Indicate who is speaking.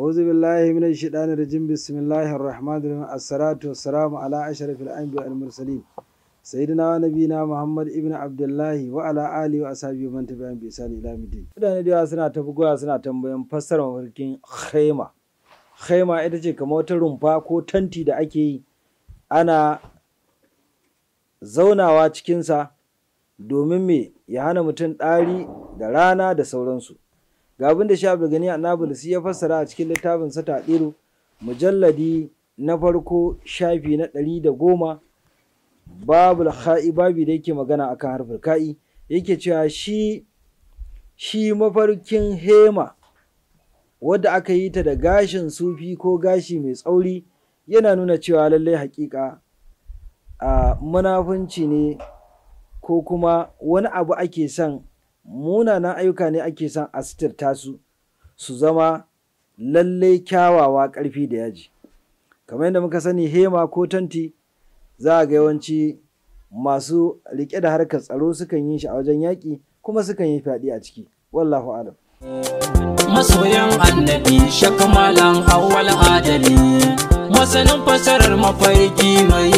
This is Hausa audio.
Speaker 1: أعوذ بالله من الشيطان الرجيم بسم الله الرحمن الرحيم الصلاة والسلام على أشرف الأنبياء والمرسلين سيدنا ونبينا محمد ابن عبد الله وعلى آله وأصحابه من تبعهم بإحسان إلى يوم الدين. Mutane da yawa suna ta bugowa suna tambayan fassarar mafarkin khaima. Khaima ita ce kamar wata rumfa ko tanti da ake yi ana zaunawa cikinsa domin me ya hana mutum ɗari da rana da sauransu. ga abin da shi abdulgani annabulsi ya fassara a cikin littafin sa taɗiru mujalladi na farko shafi na ɗari da goma babu ha'i babi da yake magana akan harfar ka'i yake cewa shi mafarkin hema wadda aka yi ta da gashin sufi ko gashi mai tsauri yana nuna cewa lallai hakika a munafunci ne ko kuma wani abu ake son munanan ayyuka ne ake son a sitirta su su zama lallai kyawawa ƙarfi da yaji kamar yadda muka sani hema ko tanti za a ga yawanci masu riƙe da harkar tsaro sukan yi shi a wajen yaƙi kuma sukan yi fyaɗe a ciki wallahu adam
Speaker 2: masoyan annabi shakamalan awwal adali masanin fasarar mafarki mai